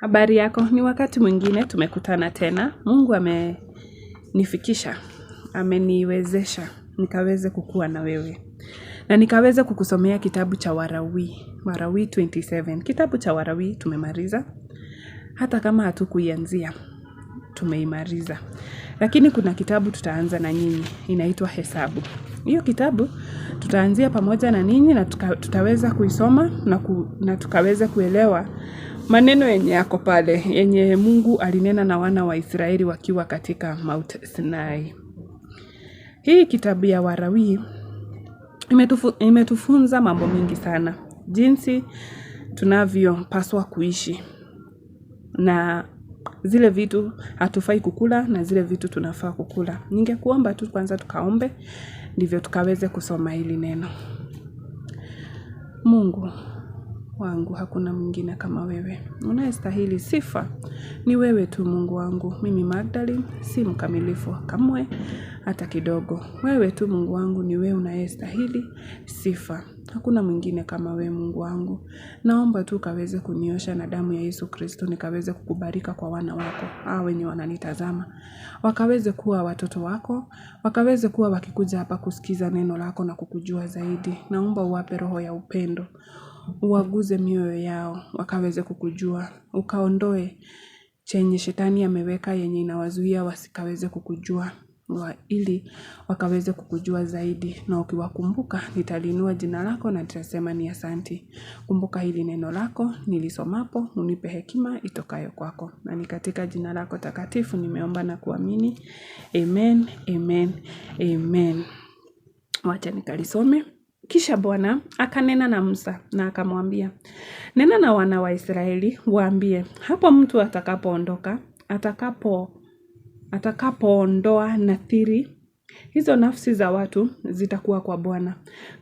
Habari yako, ni wakati mwingine tumekutana tena, mungu amenifikisha, ameniwezesha, nikaweze kukuwa na wewe. Na nikaweze kukusomea kitabu cha warawi, warawi 27. Kitabu cha warawi tumemaliza, hata kama hatukuianzia, tumeimaliza. Lakini kuna kitabu tutaanza na nyinyi, inaitwa hesabu. Hiyo kitabu tutaanzia pamoja na ninyi na tutaweza kuisoma na tukaweza kuelewa maneno yenye yako pale yenye Mungu alinena na wana wa Israeli wakiwa katika Mount Sinai. Hii kitabu ya Warawi imetufu, imetufunza mambo mengi sana, jinsi tunavyopaswa kuishi na zile vitu hatufai kukula na zile vitu tunafaa kukula. Ningekuomba tu kwanza tukaombe, ndivyo tukaweze kusoma hili neno. Mungu wangu, hakuna mwingine kama wewe. Unayestahili sifa ni wewe tu Mungu wangu. Mimi Magdalene si mkamilifu kamwe hata kidogo. Wewe tu Mungu wangu ni wewe unayestahili sifa. Hakuna mwingine kama wewe Mungu wangu. Naomba tu ukaweze kuniosha na damu ya Yesu Kristo nikaweze kukubarika kwa wana wako, hawa wenye wananitazama. Wakaweze kuwa watoto wako, wakaweze kuwa wakikuja hapa kusikiza neno lako na kukujua zaidi. Naomba uwape roho ya upendo uwaguze mioyo yao, wakaweze kukujua. Ukaondoe chenye shetani ameweka yenye inawazuia wasikaweze kukujua. Ili wakaweze kukujua zaidi na ukiwakumbuka nitaliinua jina lako na nitasema ni asanti. Kumbuka hili neno lako nilisomapo unipe hekima itokayo kwako. Na ni katika jina lako takatifu nimeomba na kuamini. Amen, amen, amen. Wacha nikalisome. Kisha Bwana akanena na Musa na akamwambia, nena na wana wa Israeli waambie, hapo mtu atakapoondoka atakapo atakapoondoa nathiri hizo nafsi za watu zitakuwa kwa Bwana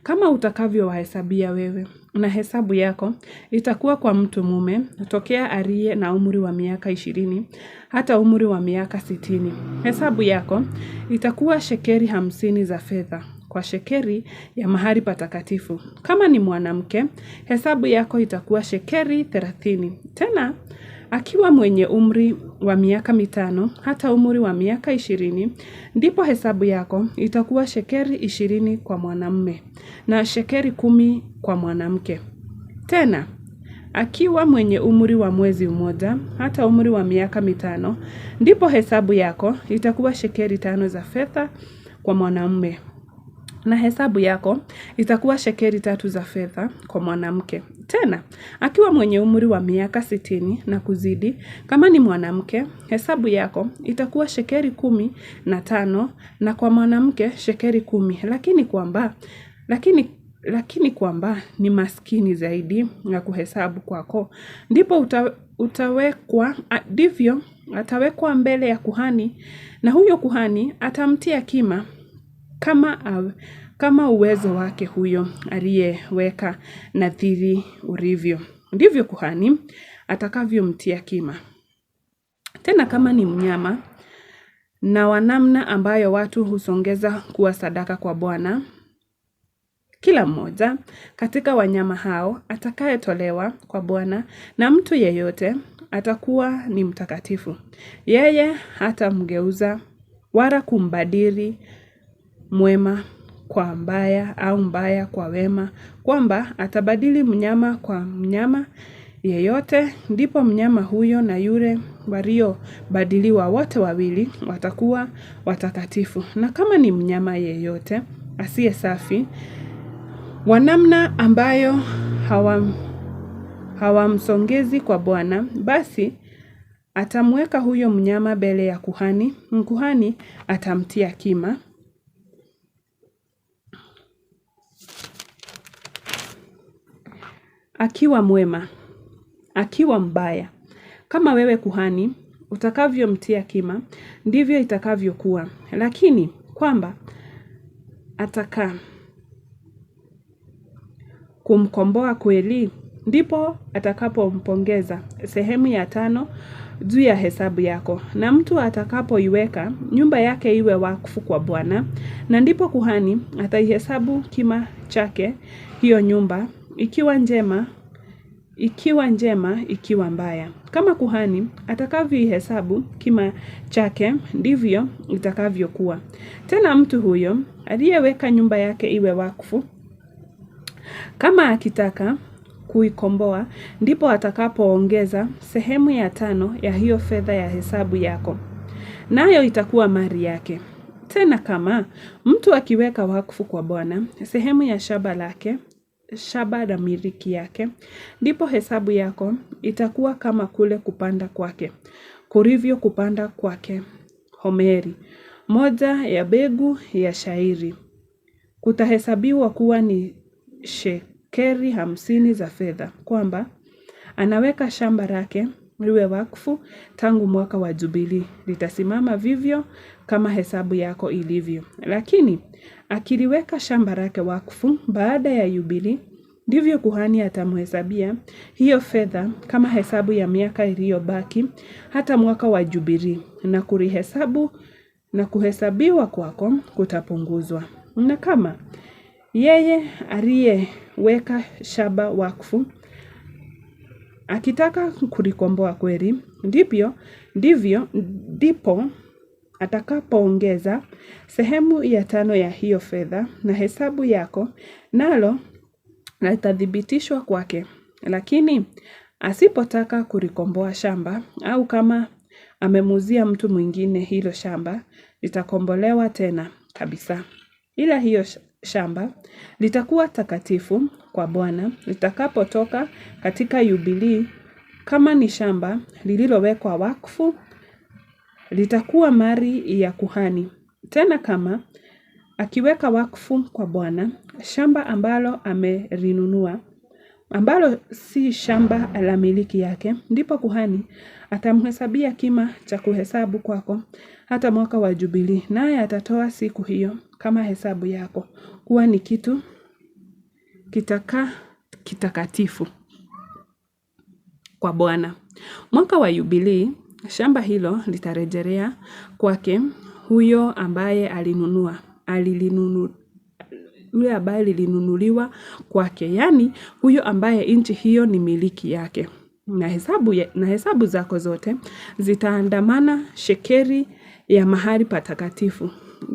kama utakavyowahesabia wewe, na hesabu yako itakuwa kwa mtu mume tokea aliye na umri wa miaka ishirini hata umri wa miaka sitini. Hesabu yako itakuwa shekeri hamsini za fedha, kwa shekeri ya mahali patakatifu. Kama ni mwanamke, hesabu yako itakuwa shekeri thelathini. Tena, akiwa mwenye umri wa miaka mitano hata umri wa miaka ishirini, ndipo hesabu yako itakuwa shekeri ishirini kwa mwanamume na shekeri kumi kwa mwanamke. Tena, akiwa mwenye umri wa mwezi mmoja hata umri wa miaka mitano, ndipo hesabu yako itakuwa shekeri tano za fedha kwa mwanamume na hesabu yako itakuwa shekeri tatu za fedha kwa mwanamke. Tena, akiwa mwenye umri wa miaka sitini na kuzidi, kama ni mwanamke, hesabu yako itakuwa shekeri kumi na tano na kwa mwanamke shekeri kumi. Lakini kwamba, lakini lakini kwamba ni maskini zaidi ya kuhesabu kwako. Ndipo uta, utawekwa, ndivyo, atawekwa mbele ya kuhani na huyo kuhani atamtia kima kama uwezo wake huyo aliyeweka nadhiri urivyo. Ndivyo kuhani atakavyomtia kima. Tena kama ni mnyama na wanamna ambayo watu husongeza kuwa sadaka kwa Bwana, kila mmoja katika wanyama hao atakayetolewa kwa Bwana na mtu yeyote atakuwa ni mtakatifu. Yeye hata mgeuza wala kumbadili mwema kwa mbaya au mbaya kwa wema kwamba atabadili mnyama kwa mnyama yeyote ndipo mnyama huyo na yule walio badiliwa wote wawili watakuwa watakatifu. Na kama ni mnyama yeyote asiye safi wa namna ambayo hawamsongezi kwa Bwana basi atamweka huyo mnyama mbele ya kuhani, mkuhani atamtia kima akiwa mwema, akiwa mbaya. Kama wewe kuhani utakavyomtia kima, ndivyo itakavyokuwa. Lakini kwamba ataka kumkomboa kweli, ndipo atakapompongeza. Sehemu ya tano juu ya hesabu yako. Na mtu atakapoiweka nyumba yake iwe wakfu kwa Bwana, na ndipo kuhani ataihesabu kima chake hiyo nyumba ikiwa njema, ikiwa njema, ikiwa mbaya. Kama kuhani atakavyoihesabu kima chake ndivyo itakavyokuwa. Tena mtu huyo aliyeweka nyumba yake iwe wakfu, kama akitaka kuikomboa, ndipo atakapoongeza sehemu ya tano ya hiyo fedha ya hesabu yako, nayo itakuwa mali yake. Tena kama mtu akiweka wakfu kwa Bwana sehemu ya shamba lake shaba na miriki yake, ndipo hesabu yako itakuwa kama kule kupanda kwake, kurivyo kupanda kwake. Homeri, moja ya begu ya shairi, kutahesabiwa kuwa ni shekeri hamsini za fedha, kwamba anaweka shamba lake liwe wakfu tangu mwaka wa Jubilii, litasimama vivyo kama hesabu yako ilivyo. Lakini akiliweka shamba lake wakfu baada ya yubili, ndivyo kuhani atamhesabia hiyo fedha kama hesabu ya miaka iliyobaki hata mwaka wa jubilii, na kulihesabu na kuhesabiwa kwako kutapunguzwa. Na kama yeye aliyeweka shamba wakfu akitaka kulikomboa kweli, ndivyo ndivyo ndipo atakapoongeza sehemu ya tano ya hiyo fedha na hesabu yako, nalo litathibitishwa kwake. Lakini asipotaka kulikomboa shamba au kama amemuuzia mtu mwingine hilo shamba, litakombolewa tena kabisa, ila hiyo shamba litakuwa takatifu kwa Bwana litakapotoka katika Yubilii, kama ni shamba lililowekwa wakfu litakuwa mali ya kuhani. Tena kama akiweka wakfu kwa Bwana shamba ambalo amelinunua, ambalo si shamba la miliki yake, ndipo kuhani atamhesabia kima cha kuhesabu kwako hata mwaka wa Jubilii, naye atatoa siku hiyo kama hesabu yako, kuwa ni kitu kitaka kitakatifu kwa Bwana. Mwaka wa Jubilii Shamba hilo litarejelea kwake huyo ambaye alinunua, alilinunu yule ambaye lilinunuliwa kwake, yaani huyo ambaye nchi hiyo ni miliki yake. Na hesabu, ya, na hesabu zako zote zitaandamana shekeri ya mahali patakatifu.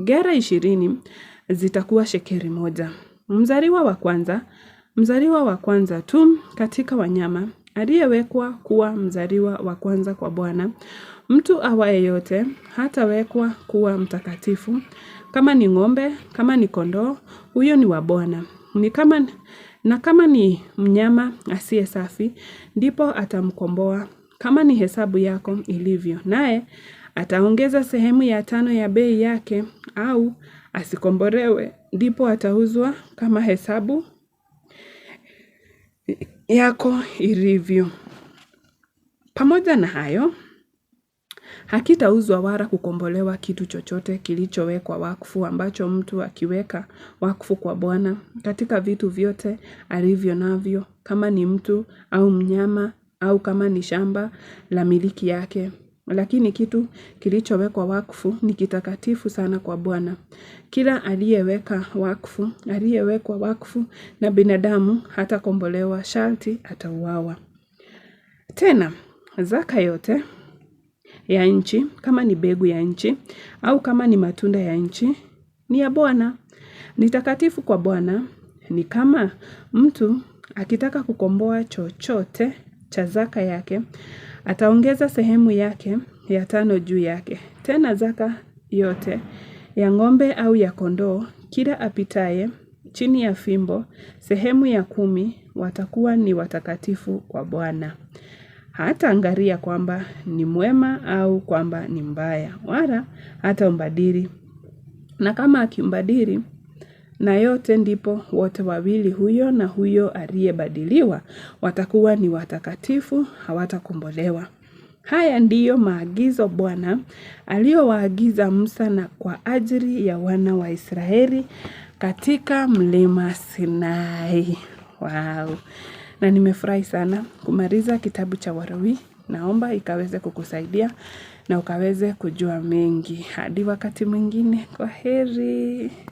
Gera ishirini zitakuwa shekeri moja. Mzaliwa wa kwanza, mzaliwa wa kwanza tu katika wanyama Aliyewekwa kuwa mzaliwa wa kwanza kwa Bwana, mtu awaye yote hatawekwa kuwa mtakatifu. Kama ni ng'ombe, kama ni kondoo, huyo ni wa Bwana. Ni kama na kama ni mnyama asiye safi, ndipo atamkomboa kama ni hesabu yako ilivyo. Naye ataongeza sehemu ya tano ya bei yake au asikomborewe ndipo atauzwa kama hesabu yako ilivyo. Pamoja na hayo, hakitauzwa wala kukombolewa kitu chochote kilichowekwa wakfu ambacho mtu akiweka wakfu kwa Bwana katika vitu vyote alivyo navyo kama ni mtu au mnyama au kama ni shamba la miliki yake. Lakini kitu kilichowekwa wakfu ni kitakatifu sana kwa Bwana. Kila aliyeweka wakfu, aliyewekwa wakfu na binadamu kombolewa, sharti atauawa. Tena zaka yote ya nchi, kama ni mbegu ya nchi au kama ni matunda ya nchi, ni ya Bwana. Ni takatifu kwa Bwana. Ni kama mtu akitaka kukomboa chochote cha zaka yake Ataongeza sehemu yake ya tano juu yake. Tena zaka yote ya ng'ombe au ya kondoo, kila apitaye chini ya fimbo, sehemu ya kumi, watakuwa ni watakatifu kwa Bwana. hata angaria kwamba ni mwema au kwamba ni mbaya, wala hata mbadiri Na kama akimbadiri na yote ndipo wote wawili huyo na huyo aliyebadiliwa watakuwa ni watakatifu, hawatakombolewa. Haya ndiyo maagizo Bwana aliyowaagiza Musa na kwa ajili ya wana wa Israeli katika mlima Sinai. Wow. Na nimefurahi sana kumaliza kitabu cha Warawi. Naomba ikaweze kukusaidia na ukaweze kujua mengi. Hadi wakati mwingine, kwa heri.